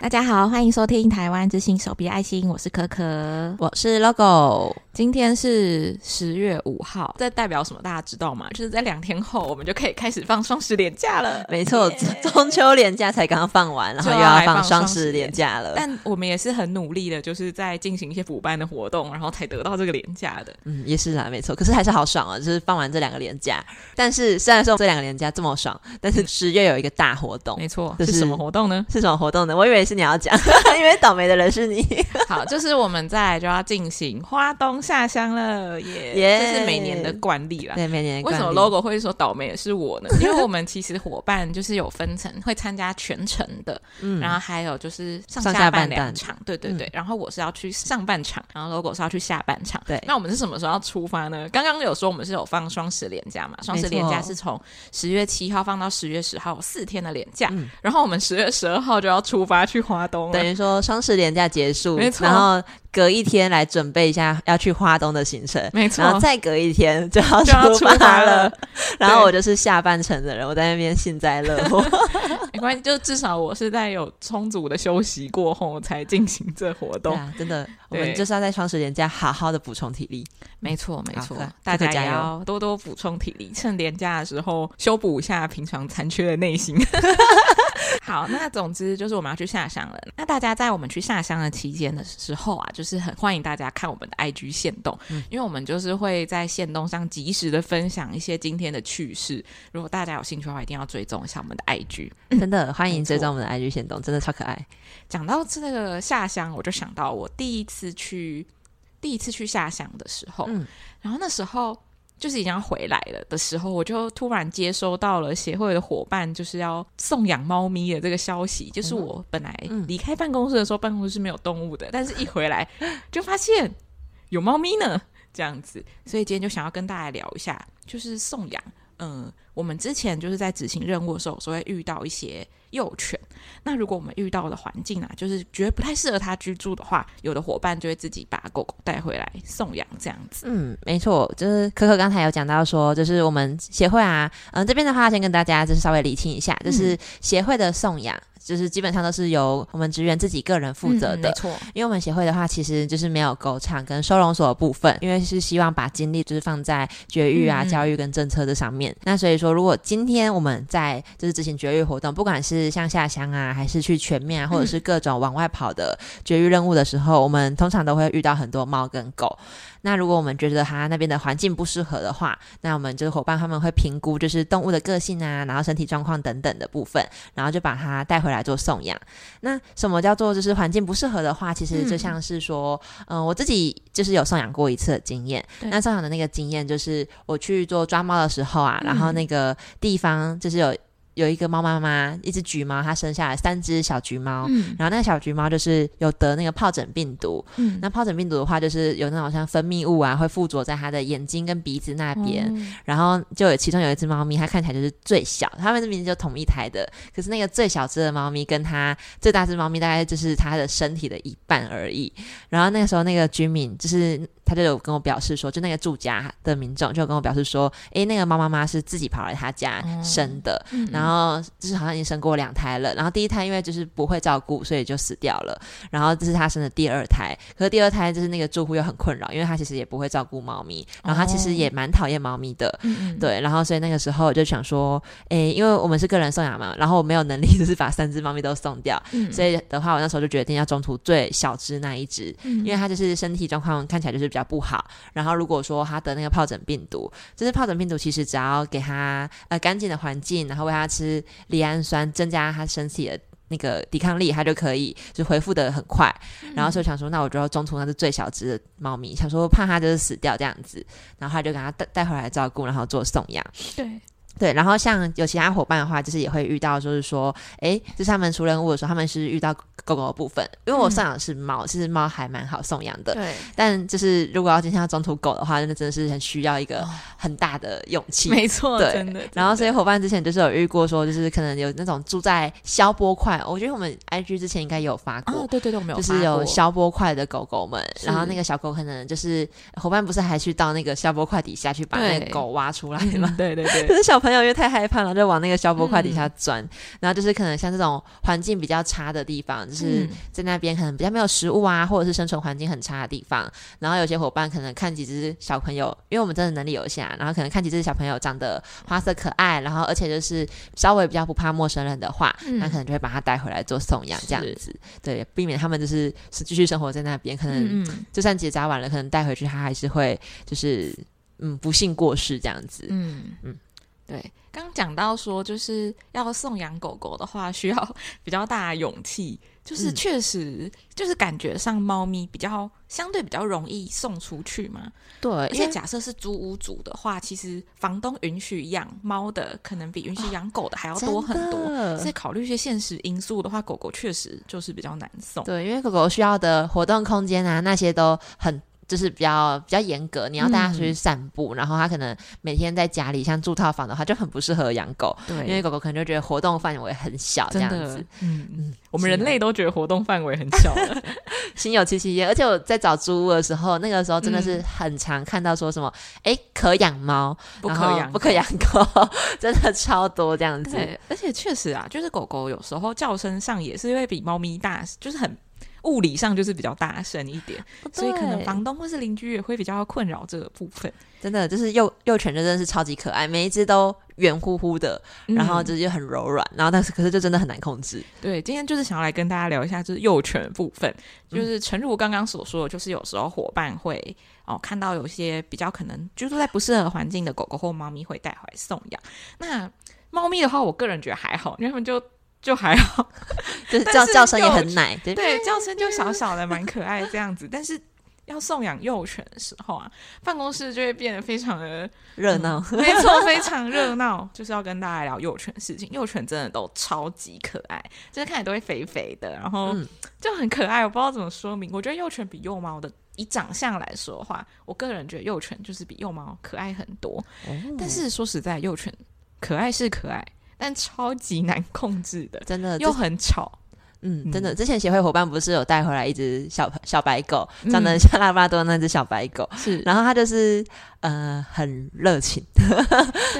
大家好，歡迎收聽《台灣之心手臂愛心》，我是可可，我是 LOGO，今天是十月五號，這代表什麼？大家知道嗎？就是在兩天後，我們就可以開始放雙十連假了。沒錯，中秋連假才剛剛放完，然後又要放雙十連假了，啊。但我們也是很努力的，就是在進行一些補班的活動，然後才得到這個連假的。嗯，也是啊，沒錯。可是還是好爽啊，就是放完這兩個連假， 但是雖然說這兩個連假這麼爽，但是十月有一個大活動，嗯，沒錯。這，就是，是什麼活動呢？是什麼活動呢？我以為。 是你要講，因為倒霉的人是你。 好，就是我們再來就要進行花東下鄉了，耶、yeah, yeah！這是每年的慣例啦。對、yeah，每年。為什麼 logo 會說倒霉的是我呢？ 因為我們其實夥伴就是有分成，會參加全程的。 嗯。然後還有就是上下半兩場半，對對對、嗯。然後我是要去上半場，然後 logo 是要去下半場。對。那我們是什麼時候要出發呢？剛剛有說我們是有放雙十連假嘛？雙十連假是從十月七號放到十月十號，四天的連假。然後我們十月十二號就要出發去。華東、啊、等於說，雙十連假結束，沒錯，然後。隔一天來準備一下要去花東的行程，沒錯。然後再隔一天就要出發了，發了，然後我就是下半程的人，我在那邊幸災樂禍。沒關係，就至少我是在有充足的休息過後才進行這活動。啊，真的，我們就是要在雙十年假好好的補充體力。沒錯，沒錯，大家要多多補充體力，趁年假的時候修補一下平常殘缺的內心。 好，那總之就是我們要去下鄉了。那大家在我們去下鄉的期間的時候啊，就。就是很歡迎大家看我們的 IG 限動，嗯，因為我們就是會在限動上及時的分享一些今天的趣事。如果大家有興趣的話，一定要追蹤一下我們的 IG。真的，歡迎追蹤我們的 IG 限動，真的超可愛。講到這個下鄉，我就想到我第一次去，第一次去下鄉的時候，嗯、然後那時候。就是已經要回來了的時候，我就突然接收到了協會的夥伴就是要送養貓咪的這個消息。就是我本來離開辦公室的時候，辦公室是沒有動物的，但是一回來就發現有貓咪呢，這樣子。所以今天就想要跟大家聊一下，就是送養，嗯。我們之前就是在執行任務的時候，所以會遇到一些幼犬。那如果我們遇到的環境啊，就是覺得不太適合它居住的話，有的夥伴就會自己把狗狗帶回來送養這樣子。嗯，沒錯，就是可可剛才有講到說，就是我們協會啊，嗯、呃，這邊的話，先跟大家就是稍微理清一下，就是協會的送養，就是基本上都是由我們職員自己個人負責的。嗯、沒錯，因為我們協會的話，其實就是沒有狗場跟收容所的部分，因為是希望把精力就是放在絕育啊、嗯、教育跟政策這上面。那所以。說，如果今天我們在就是執行絕育活動，不管是像下鄉啊，還是去全面啊，或者是各種往外跑的絕育任務的時候，嗯、我們通常都會遇到很多貓跟狗。那如果我們覺得他那邊的環境不適合的話，那我們就是夥伴他們會評估，就是動物的個性啊，然後身體狀況等等的部分，然後就把它帶回來做送養。那什麼叫做就是環境不適合的話，其實就像是說，嗯，呃、我自己就是有送養過一次的經驗。那送養的那個經驗就是我去做抓貓的時候啊，嗯、然後那個地方就是有。有一個貓媽媽，一只橘貓，它生下來三只小橘貓，嗯。然後那個小橘貓就是有得那個皰疹病毒。嗯、那皰疹病毒的話，就是有那種像分泌物啊，會附着在它的眼睛跟鼻子那邊，嗯。然後就有其中有一只貓咪，它看起來就是最小。它們的明明就同一胎的，可是那個最小只的貓咪跟它最大只貓咪，大概就是它的身體的一半而已。然後那個時候，那個居民就是。他就有跟我表示說，就那個住家的民眾就跟我表示說，哎，那個貓媽媽是自己跑來他家生的，哦嗯，然後就是好像已經生過兩胎了，然後第一胎因為就是不會照顧，所以就死掉了，然後這是他生的第二胎，可是第二胎就是那個住戶又很困擾，因為他其實也不會照顧貓咪，然後他其實也蠻討厭貓咪的，哦嗯，對，然後所以那個時候我就想說，哎，因為我們是個人送養嘛，然後我沒有能力就是把三隻貓咪都送掉，嗯，所以的話，我那時候就決定要中途最小隻那一隻，因為他就是身體狀況看起來就是比較不好。然後如果說他得那個皰疹病毒，就是皰疹病毒，其實只要給他呃乾淨的環境，然後餵他吃離胺酸，增加他身體的那個抵抗力，他就可以就恢復得很快。嗯、然後就想說，那我覺得中途那是最小只的貓咪，想說怕他就是死掉這樣子，然後他就給他帶帶回來照顧，然後做送養。對。對，然後像有其他夥伴的話，就是也會遇到，就是說，哎，就是他們出任務的時候，他們是遇到狗狗的部分，因為我上養是貓、嗯，其實貓還蠻好送養的，對。但就是如果要今天要中途狗的話，真的真的是很需要一個很大的勇氣，哦、沒錯，真的對，真的真的。然後所以夥伴之前就是有遇過，說就是可能有那種住在消波塊，我覺得我們 IG 之前應該有發過、啊，對對對，沒有發，就是有消波塊的狗狗們，然後那個小狗可能就是夥伴不是還去到那個消波塊底下去把那個狗挖出來嗎？對、嗯、對，對對，可 是小。朋友因為太害怕了，然後就往那個消波塊底下鑽、嗯。然後就是可能像這種環境比較差的地方，就是在那邊可能比較沒有食物啊，或者是生存環境很差的地方。然後有些夥伴可能看幾只小朋友，因為我們真的能力有限、啊，然後可能看幾只小朋友長得花色可愛，然後而且就是稍微比較不怕陌生人的話，嗯、那可能就會把它帶回來做送養這樣子。對，避免他們就是是繼續生活在那邊。可能就算結紮完了，可能帶回去它還是會就是，是嗯不幸過世這樣子。嗯嗯。對，剛講到說就是要送養狗狗的話，需要比較大的勇氣。就是確實，就是感覺上貓咪比較相對比較容易送出去嘛。對，因為，而且假設是租屋族的話，其實房東允許養貓的可能比允許養狗的還要多很多。哦。所以考慮一些現實因素的話，狗狗確實就是比較難送。對，因為狗狗需要的活動空間啊，那些都很。就是比較比較嚴格，你要帶它出去散步，嗯、然後它可能每天在家裡，像住套房的話，就很不適合養狗，對，因為狗狗可能就覺得活動範圍很小，這樣子，嗯嗯，我們人類都覺得活動範圍很小，心 有戚戚焉。而且我在找租屋的時候，那個時候真的是很常看到說什麼，哎、嗯欸，可養貓，不可養，不可養狗，真的超多這樣子。而且確實啊，就是狗狗有時候叫聲上也是會比貓咪大，就是很。物理上就是比較大聲一點，哦，所以可能房東或是鄰居也會比較困擾這個部分。真的，就是幼幼犬真的是超級可愛，每一隻都圓乎乎的，嗯、然後就是很柔軟，然後但是可是就真的很難控制。對，今天就是想要來跟大家聊一下，就是幼犬部分，就是誠如剛剛所說的，就是有時候伙伴會、嗯、哦看到有些比較可能，居住在不適合環境的狗狗或貓咪會帶回來送養。那貓咪的話，我個人覺得還好，因為它們就。就還好，就叫是叫叫聲也很奶，對，對叫聲就小小的，蠻可愛這樣子。 但是要送養幼犬的時候啊，辦公室就會變得非常的熱鬧，沒錯， 非常熱鬧。就是要跟大家聊幼犬的事情，幼犬真的都超級可愛，就是看起來都會肥肥的，然後就很可愛。我不知道怎麼說明，我覺得幼犬比幼貓的以長相來說的話，我個人覺得幼犬就是比幼貓可愛很多。哦。但是說實在，幼犬可愛是可愛。但超級難控制的，真的又很吵，嗯。嗯，真的，之前協會夥伴不是有帶回來一隻小小白狗，長得像拉布拉多那隻小白狗，是。然後它就是呃很熱情，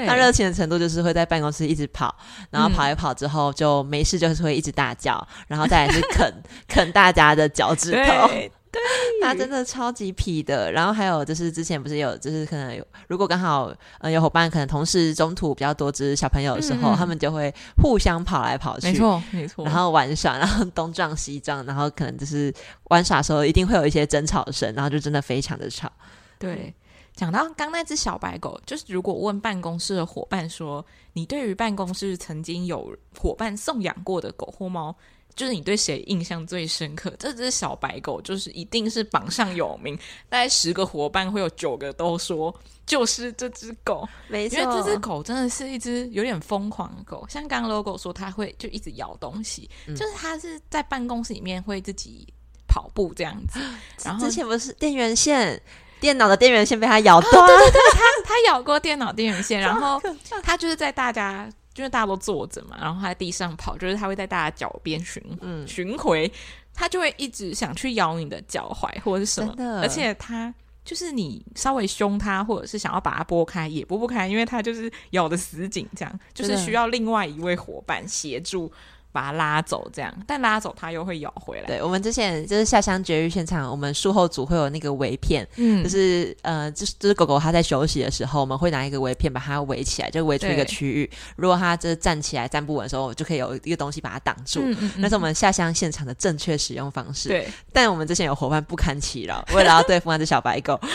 它 熱情的程度就是會在辦公室一直跑，然後跑一跑之後就沒事，就是會一直大叫，嗯、然後再來是啃 啃大家的腳趾頭。對，它真的超級皮的。然後還有就是，之前不是有，就是可能有如果剛好呃、嗯、有夥伴可能同時中途比較多只小朋友的時候，嗯，他們就會互相跑來跑去，沒錯沒錯，然後玩耍，然後東撞西撞，然後可能就是玩耍的時候一定會有一些爭吵聲，然後就真的非常的吵。對，嗯、講到剛那只小白狗，就是如果問辦公室的夥伴說，你對於辦公室曾經有夥伴送養過的狗或貓，就是你對誰印象最深刻？這只小白狗就是一定是榜上有名。大概十個伙伴會有九個都說就是這只狗，沒錯。因為這只狗真的是一只有點瘋狂的狗，像剛剛 logo 說，它會就一直咬東西，嗯、就是它是在辦公室裡面會自己跑步這樣子。然後之前不是電源線，電腦的電源線被它咬斷、啊，對對對，它 它咬過電腦電源線，然後它就是在大家。因為大家都坐着嘛，然後他在地上跑，就是他會在大家腳邊巡迴、嗯、巡迴，他就會一直想去咬你的腳踝或者是什麼的，而且他就是你稍微凶他或者是想要把它撥開也撥不開，因為他就是咬得死緊，這樣、嗯、就是需要另外一位夥伴協助。把它拉走，這樣，但拉走它又會咬回來。對，我們之前就是下鄉絕育現場，我們術後組會有那個圍片、嗯，就是呃，就是就是狗狗它在休息的時候，我們會拿一個圍片把它圍起來，就圍出一個區域。如果它就是站起來站不穩的時候，就可以有一個東西把它擋住、嗯。那是我們下鄉現場的正確使用方式。對，但我們之前有伙伴不堪其擾，為了要對付那只小白狗。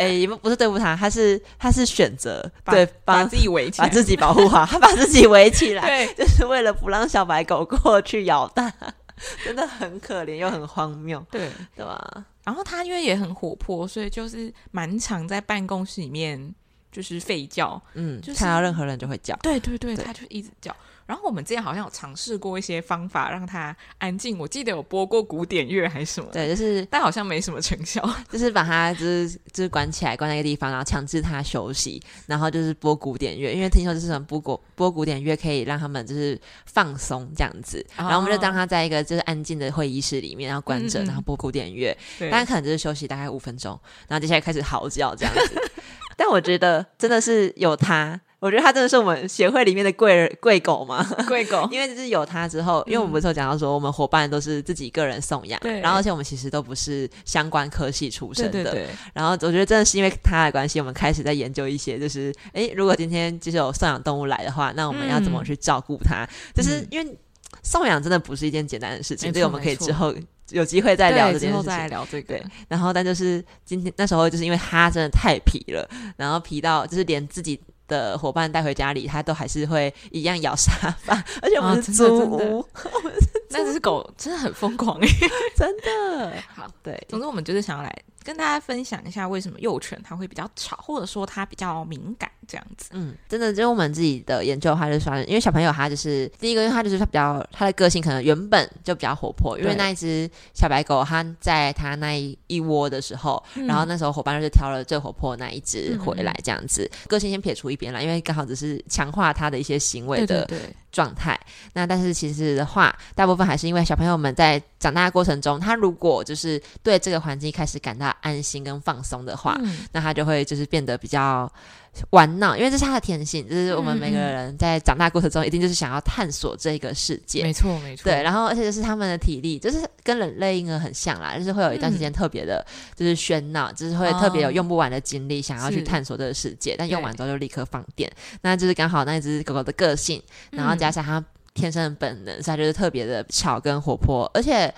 哎、欸，也不不是對付他，他是他是選擇對，把，把自己圍起來，把自己保護好， 他把自己圍起來對，就是為了不讓小白狗過去咬他，真的很可憐又很荒謬，對對吧？然後他因為也很活潑，所以就是蠻常在辦公室裡面就是吠叫，嗯，就看、是、到任何人就會叫，對對對，對他就一直叫。然後我們之前好像有嘗試過一些方法讓它安靜。我記得有播過古典樂還是什麼？對，就是，但好像沒什麼成效。就是把它就是就是關起來，關在一個地方，然後強制它休息，然後就是播古典樂，因為聽說就是什麼播古播古典樂可以讓他們就是放鬆這樣子。然後我們就當它在一個就是安靜的會議室裡面，然後關着，嗯、然後播古典樂，但可能就是休息大概五分鐘，然後接下來開始嚎叫這樣子。 但我覺得真的是有它。我覺得他真的是我們協會裡面的貴人貴狗嘛，貴狗，因為就是有他之後，嗯、因為我們不是有講到說，我們伙伴都是自己個人送養，然後而且我們其實都不是相關科系出身的，對對、對，然後我覺得真的是因為他的關係，我們開始在研究一些，就是誒，如果今天就是有送養動物來的話，那我們要怎麼去照顧它？就、嗯、是因為送養真的不是一件簡單的事情、嗯，所以我們可以之後有機會再聊這件事情，之後再來聊對、這個、對，然後但就是今天那時候，就是因為他真的太皮了，然後皮到就是連自己。的夥伴帶回家裡，它都還是會一樣咬沙發，而且我們是租屋，我、哦、是 那只狗真的很瘋狂， 真的好對，總之我們就是想要來。跟大家分享一下為什麼幼犬它會比較吵，或者說它比較敏感這樣子。嗯，真的，因為我們自己的研究，它就是說，因為小朋友他就是第一個，因為他就是他比較他的個性可能原本就比較活潑。因為那一只小白狗它在它那一窩的時候，然後那時候夥伴就挑了最活潑的那一只回來，這樣子、嗯、個性先撇除一邊了，因為剛好只是強化它的一些行為的狀態。那但是其實的話，大部分還是因為小朋友們在長大的過程中，他如果就是對這個環境開始感到安心跟放鬆的話、嗯，那他就會就是變得比較玩鬧，因為這是他的天性，就是我們每個人在長大過程中一定就是想要探索這個世界，嗯、沒錯沒錯。對，然後而且就是他們的體力，就是跟人類嬰兒很像啦，就是會有一段時間特別的，就是喧鬧、嗯，就是會特別有用不完的精力，想要去探索這個世界、哦，但用完之後就立刻放電。那就是剛好那一隻狗狗的個性，然後加上它天生的本能，它、嗯、就是特別的巧跟活潑，而且。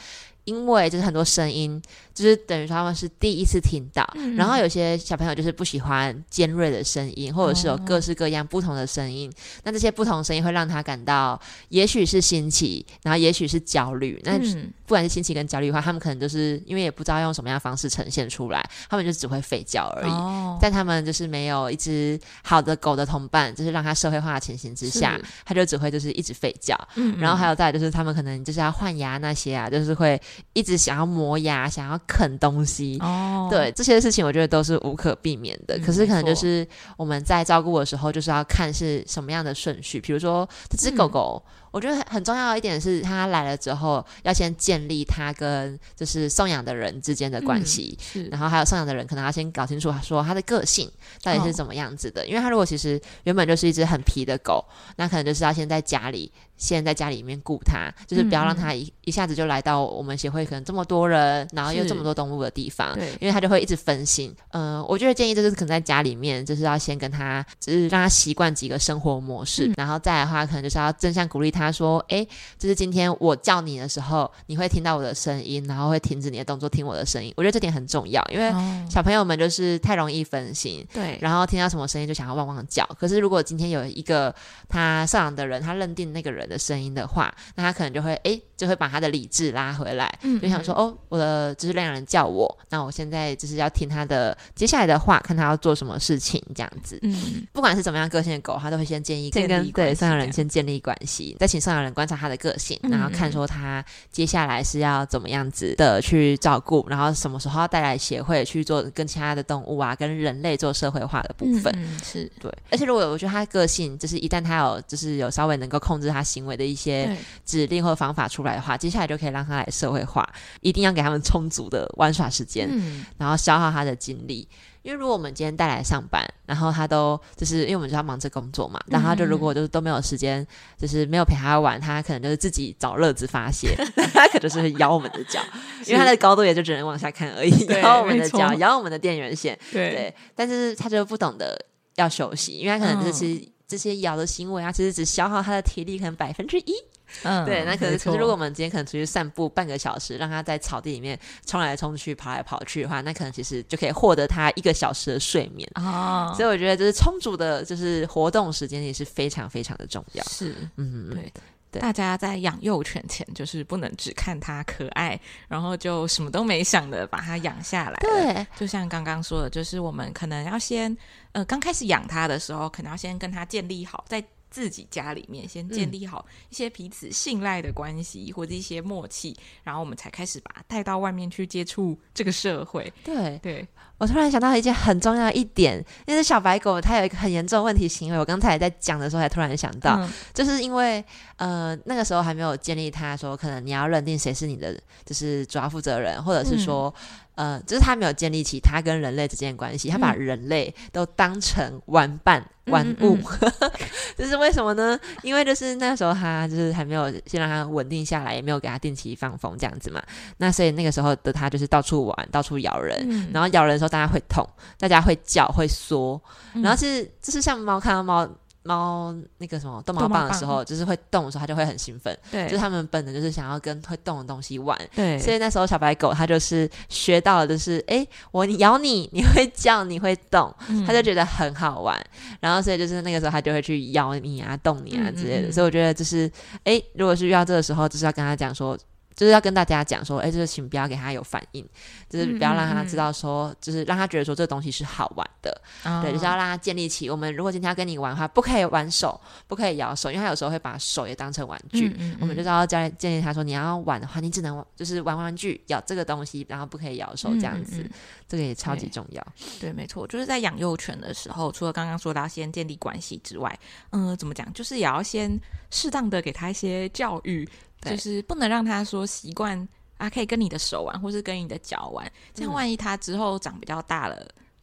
因為就是很多聲音，就是等於說他們是第一次聽到、嗯，然後有些小朋友就是不喜歡尖銳的聲音，或者是有各式各樣不同的聲音。哦、那這些不同聲音會讓他感到，也許是新奇，然後也許是焦慮。嗯、那不管是新奇跟焦慮的話，他們可能就是因為也不知道用什麼樣的方式呈現出來，他們就只會吠叫而已、哦。但他們就是沒有一只好的狗的同伴，就是讓他社會化的情形之下，他就只會就是一直吠叫、嗯嗯。然後還有再就是他們可能就是要換牙那些啊，就是會。一直想要磨牙，想要啃東西，oh. 對這些事情，我覺得都是無可避免的。嗯、可是可能就是我們在照顧的時候，就是要看是什麼樣的順序。比如說這只狗狗。嗯我覺得很重要的一點是他來了之後，要先建立他跟就是送養的人之間的關係，嗯、然後還有送養的人可能要先搞清楚他說他的個性到底是怎麼樣子的，哦，因為他如果其實原本就是一隻很皮的狗，那可能就是要先在家裡先在家裡面顧他，就是不要讓他一、嗯、一下子就來到我們協會可能這麼多人，然後又這麼多動物的地方，對，因為他就會一直分心。嗯、呃，我覺得建議就是可能在家裡面，就是要先跟他就是讓他習慣幾個生活模式，嗯、然後再來的話可能就是要正向鼓勵他。他說：“哎、欸，這、就是今天我叫你的時候，你會聽到我的聲音，然後會停止你的動作，聽我的聲音。我覺得這點很重要，因為小朋友們就是太容易分心。哦、對，然後聽到什麼聲音就想要汪汪叫。可是如果今天有一個他上揚的人，他認定那個人的聲音的話，那他可能就會哎、欸，就會把他的理智拉回來，就想說嗯嗯哦，我的就是讓人叫我，那我現在就是要聽他的接下來的話，看他要做什麼事情這樣子、嗯。不管是怎麼樣個性的狗，他都會先建議建立跟立對上養人先建立關係，請上的人觀察他的個性，然後看說他接下來是要怎麼樣子的去照顧，然後什麼時候要帶來協會去做跟其他的動物啊、跟人類做社會化的部分。嗯、是對，而且如果我覺得他的個性，就是一旦他有就是有稍微能夠控制他行為的一些指令或方法出來的話，接下來就可以讓他來社會化。一定要給他們充足的玩耍時間、嗯，然後消耗他的精力。因為如果我們今天帶來上班，然後他都就是因為我們就要忙着工作嘛，然後他就如果就都沒有時間、嗯，就是沒有陪他玩，他可能就是自己找樂子發泄， 他可能就是咬我們的腳，因為他的高度也就只能往下看而已，咬我們的腳，咬我們的電源線，對，對，但是他就不懂得要休息，因為他可能就是、哦、這些咬的行為啊，其實只消耗他的體力可能百分之一。嗯，對，那可是，可是如果我們今天可能出去散步半個小時，讓它在草地裡面衝來衝去、跑來跑去的話，那可能其實就可以獲得它一個小時的睡眠哦。所以我覺得，就是充足的，就是活動時間也是非常非常的重要。是，嗯，對，對，大家在養幼犬前，就是不能只看它可愛，然後就什麼都沒想的把它養下來。對，就像剛剛說的，就是我們可能要先，呃，剛開始養它的時候，可能要先跟它建立好在。再自己家裡面先建立好一些彼此信賴的關係、嗯，或者一些默契，然後我們才開始把它帶到外面去接觸這個社會。對對，我突然想到一件很重要的一點，那隻小白狗它有一個很嚴重的問題行為，我剛才在講的時候才突然想到，嗯、就是因為呃那個時候還沒有建立，他說，可能你要認定誰是你的就是主要負責人，或者是說。嗯呃，就是他沒有建立起他跟人類之間的關係，他把人類都當成玩伴、嗯、玩物，這、嗯嗯嗯、 是為什麼呢？因為就是那時候他就是還沒有先讓他穩定下來，也沒有給他定期放風這樣子嘛。那所以那個時候的他就是到處玩，到處咬人，嗯、然後咬人的時候大家會痛，大家會叫，會縮，然後是就是像貓看到貓。貓那個什麼逗貓棒的時候，就是會動的時候，它就會很興奮。對，就是它們本能就是想要跟會動的東西玩。對，所以那時候小白狗它就是學到了，就是哎、欸，我咬你，你會叫，你會動，它、嗯、就覺得很好玩。然後所以就是那個時候它就會去咬你啊、動你啊之類的。嗯嗯嗯所以我覺得就是，哎、欸，如果是遇到這個時候，就是要跟他講說。就是要跟大家講說，誒、欸，這、就、個、是、請不要給他有反應，就是不要讓他知道說，嗯嗯嗯就是讓他覺得說這個東西是好玩的，哦、對，就是要讓他建立起我們如果今天要跟你玩的話，不可以玩手，不可以咬手，因為他有時候會把手也當成玩具，嗯嗯嗯我們就需要教建立他說，你要玩的話，你只能就是玩玩具，咬這個東西，然後不可以咬手這樣子。嗯嗯，這個也超級重要。對，對沒錯，就是在養幼犬的時候，除了剛剛說的要先建立關係之外，嗯、呃，怎麼講，就是也要先適當的給他一些教育。就是不能讓他說習慣啊，可以跟你的手玩，或是跟你的腳玩。這樣萬一他之後長比較大了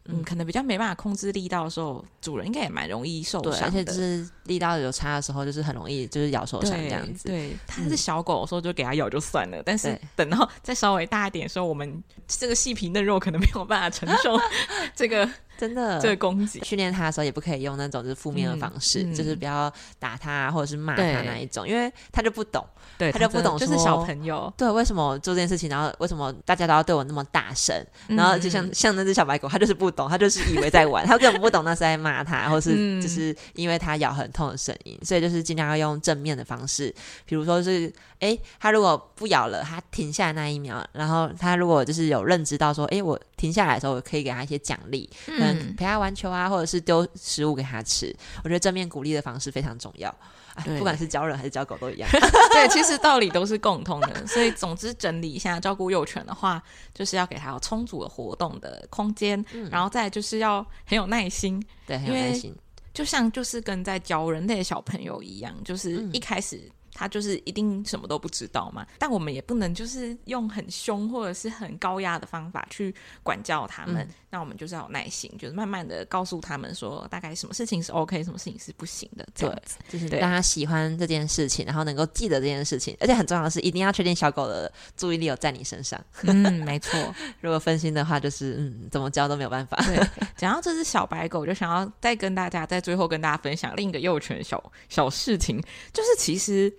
嗯，嗯，可能比較沒辦法控制力道的時候，主人應該也蠻容易受傷。而且就是力道有差的時候，就是很容易就是咬受傷這樣子。對，它、嗯、是小狗的時候就給它咬就算了，但是等到再稍微大一點的時候，我們這個細皮嫩肉可能沒有辦法承受、啊、 這個。真的，就是攻擊，訓練他的時候也不可以用那種就是負面的方式、嗯，就是不要打他或者是罵他那一種，因為他就不懂，對他就不懂，就是小朋友，對，為什麼做這件事情，然後為什麼大家都要對我那麼大聲、嗯，然後就像像那隻小白狗，他就是不懂，他就是以為在玩， 他根本不懂那是在罵他，或是就是因為他咬很痛的聲音、嗯，所以就是盡量要用正面的方式，比如說是，誒、欸，他如果不咬了，他停下那一秒，然後他如果就是有認知到說，誒、欸，我。停下來的時候，可以給他一些獎勵，嗯，陪他玩球啊，或者是丟食物給他吃、嗯。我覺得正面鼓勵的方式非常重要，對對對啊、不管是教人還是教狗都一樣。 對，其實道理都是共通的。 所以，總之整理一下，照顧幼犬的話，就是要給他有充足的活動的空間、嗯，然後再就是要很有耐心。對，很有耐心。就像就是跟在教人類的小朋友一樣，就是一開始。他就是一定什麼都不知道嘛，但我們也不能就是用很凶或者是很高壓的方法去管教他們，嗯、那我們就是要有耐心，就是慢慢的告訴他們說大概什麼事情是 OK，什麼事情是不行的，這樣子對，就是大家喜歡這件事情，然後能夠記得這件事情，而且很重要的是一定要確定小狗的注意力有在你身上。嗯，沒錯， 如果分心的話，就是嗯，怎麼教都沒有辦法。對，講到這只小白狗，我就想要再跟大家在最後跟大家分享另一個幼犬小小事情，就是其實。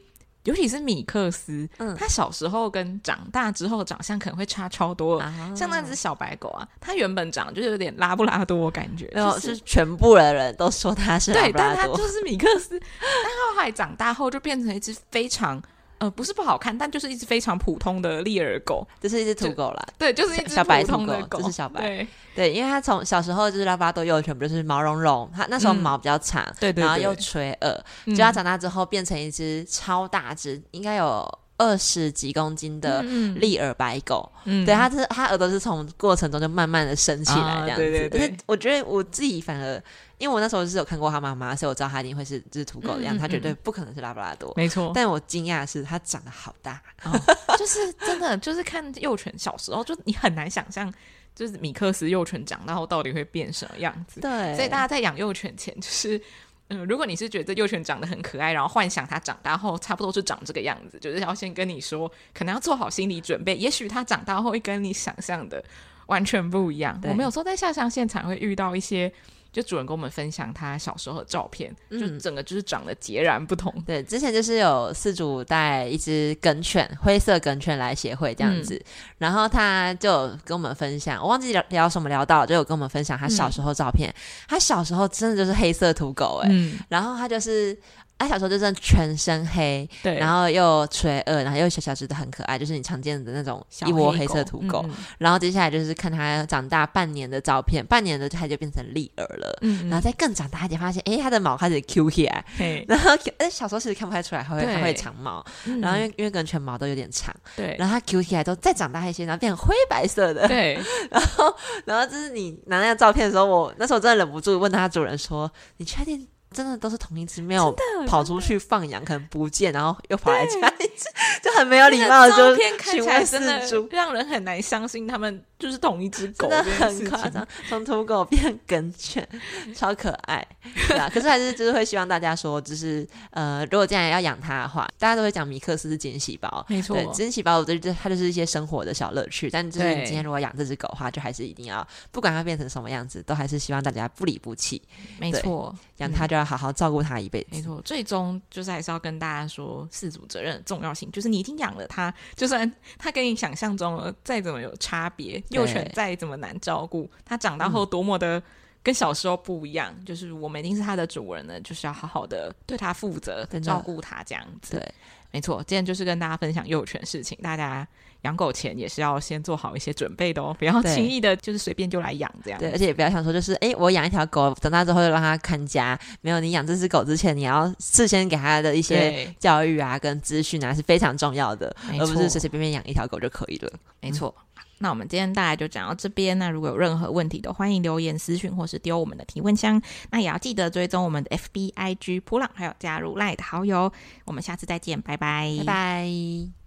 尤其是米克斯，他、嗯、小時候跟長大之後長相可能會差超多、啊。像那隻小白狗啊，它原本長就有點拉布拉多感覺，然、就、後、是就是全部的人都說他是，對，但他就是米克斯。 但後來長大後就變成一隻非常。呃，不是不好看，但就是一隻非常普通的立耳狗，這是一隻土狗啦。對，就是一隻小白土狗、狗，這是小白。對，對因為它從小時候就是拉布拉多幼犬，不就是毛茸茸？它那時候毛比較長，嗯、對，對對，然後又垂耳，結、嗯、果長大之後變成一隻超大隻、嗯，應該有二十幾公斤的立耳白狗。嗯，對，它、就是它耳朵是從過程中就慢慢的升起來、啊、這樣子。對對對、對。可是我覺得我自己反而。因為我那時候是有看過他媽媽，所以我知道他一定會是只土狗的樣子嗯嗯，他絕對不可能是拉布拉多。沒錯，但我驚訝的是，他長得好大， oh, 就是真的，就是看幼犬小時候，就你很難想象，就是米克斯幼犬長大後到底會變什麼樣子。對，所以大家在養幼犬前，就是嗯、呃，如果你是覺得幼犬長得很可愛，然後幻想它長大後差不多是長這個樣子，就是要先跟你說，可能要做好心理準備，也許它長大後會跟你想象的完全不一樣。我們有時候在下鄉現場會遇到一些。就主人跟我們分享他小時候的照片，就整個就是長得截然不同。嗯、對，之前就是有飼主帶一隻梗犬，灰色梗犬來協會這樣子，嗯、然後他就跟我們分享，我忘記聊聊什麼聊到了，就有跟我們分享他小時候照片。嗯、他小時候真的就是黑色土狗誒、欸嗯，然後他就是。他、啊、小時候就是全身黑，對，然後又垂耳，然後又小小隻的很可愛，就是你常見的那種一窩黑色土狗，狗嗯嗯。然後接下來就是看他長大半年的照片，半年的他就變成立耳了嗯嗯，然後再更長大一點發現，誒、欸，他的毛開始 Q 起來，然後，誒、欸，小時候其實看不太出來還會，會會長毛，然後因為因為可能全毛都有點長，對，然後他 Q 起來都再長大一些，然後變成灰白色的，對，然後然後就是你拿那張照片的時候，我那時候真的忍不住問他主人說，你確定？真的都是同一隻，沒有跑出去放羊，可能不見，然後又跑來家裡。 就很沒有禮貌的的，就看天來是豬，真的讓人很難相信他們就是同一只狗，很誇張， 從土狗變梗犬，超可愛。對 啊，可是還是就是會希望大家說，就是呃，如果將來要養它的話，大家都會講米克斯是驚喜包，沒錯，驚喜包覺得就它就是一些生活的小樂趣。但就是你今天如果養這只狗的話，就還是一定要不管它變成什麼樣子，都還是希望大家不離不棄。沒錯、嗯，養它就要好好照顧它一輩子。沒錯，最終就是還是要跟大家說，飼主責任重要性就是。你已經養了它，就算它跟你想象中再怎麼有差別，幼犬再怎麼難照顧，它長大後多麼的跟小時候不一樣，嗯、就是我們一定是它的主人呢，就是要好好的對它負責，照顧它這樣子。對沒錯，今天就是跟大家分享幼犬事情。大家養狗前也是要先做好一些準備的哦，不要輕易的就是隨便就來養這樣。對，對，而且也不要想說就是哎，我養一條狗，長大之後就讓它看家。沒有，你養這隻狗之前，你要事先給它的一些教育啊、跟資訊啊是非常重要的，而不是隨隨便便養一條狗就可以了。沒錯。嗯，沒錯那我們今天大概就講到這邊。那如果有任何問題，都歡迎留言私訊或是丟我們的提問箱。那也要記得追蹤我們的 FBIG 噗浪、IG、噗浪，還有加入 Line 的好友。我們下次再見，拜拜，拜拜。